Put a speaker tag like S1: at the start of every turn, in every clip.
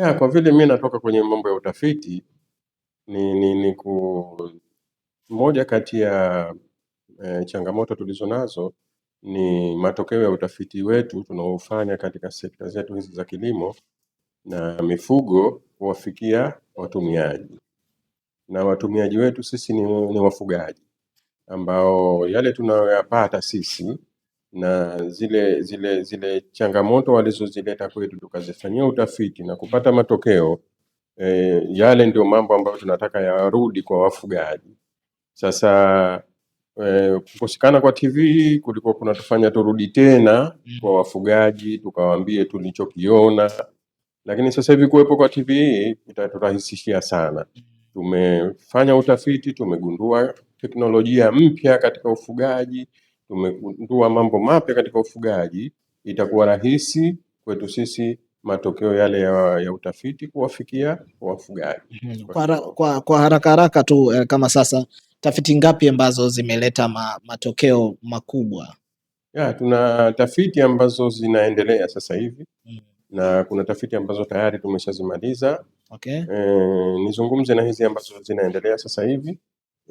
S1: Ya, kwa vile mi natoka kwenye mambo ya utafiti, ni, ni, ni ku moja kati ya eh, changamoto tulizo nazo ni matokeo ya utafiti wetu tunaofanya katika sekta zetu hizi za kilimo na mifugo kuwafikia watumiaji. Na watumiaji wetu sisi ni, ni wafugaji ambao yale tunayoyapata sisi na zile zile zile changamoto walizozileta kwetu tukazifanyia utafiti na kupata matokeo e, yale ndio mambo ambayo tunataka yarudi kwa wafugaji. Sasa e, kukosekana kwa TV kulikuwa kunatufanya turudi tena kwa wafugaji tukawaambie tulichokiona, lakini sasa hivi kuwepo kwa TV itaturahisishia sana. Tumefanya utafiti, tumegundua teknolojia mpya katika ufugaji tumegundua mambo mapya katika ufugaji, itakuwa rahisi kwetu sisi matokeo yale ya, ya utafiti kuwafikia wafugaji.
S2: Hmm, kwa, kwa, kwa haraka haraka tu eh, kama sasa tafiti ngapi ambazo zimeleta ma, matokeo makubwa?
S1: Ya, tuna tafiti ambazo zinaendelea sasa hivi hmm. na kuna tafiti ambazo tayari tumeshazimaliza. Okay. Eh, nizungumze na hizi ambazo zinaendelea sasa hivi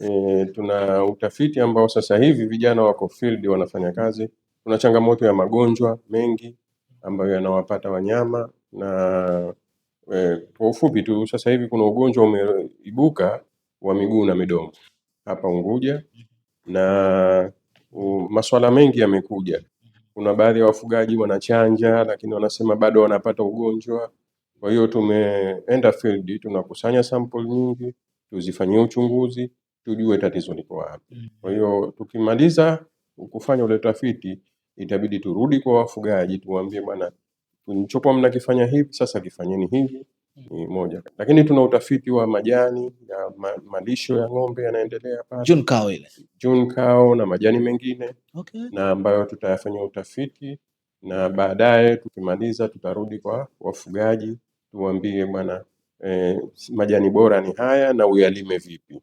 S1: E, tuna utafiti ambao sasa hivi vijana wako field wanafanya kazi. Tuna changamoto ya magonjwa mengi ambayo yanawapata wanyama na e, kwa ufupi tu sasa hivi kuna ugonjwa umeibuka wa miguu na midomo hapa Unguja na u, maswala mengi yamekuja. Kuna baadhi ya wafugaji wanachanja, lakini wanasema bado wanapata ugonjwa. Kwa hiyo tumeenda field, tunakusanya sample nyingi tuzifanyie uchunguzi tujue tatizo liko wapi. Mm. Kwa hiyo tukimaliza kufanya ule utafiti, itabidi turudi kwa wafugaji tuwaambie, bwana, mlichokuwa mnakifanya hivi sasa kifanyeni hivi. Mm. Ni moja lakini tuna utafiti wa majani ya ma, malisho ya ng'ombe yanaendelea pale
S2: June cow ile
S1: June cow na majani mengine okay. na ambayo tutayafanya utafiti na baadaye tukimaliza tutarudi kwa wafugaji tuwaambie bwana eh, majani bora ni haya na uyalime vipi.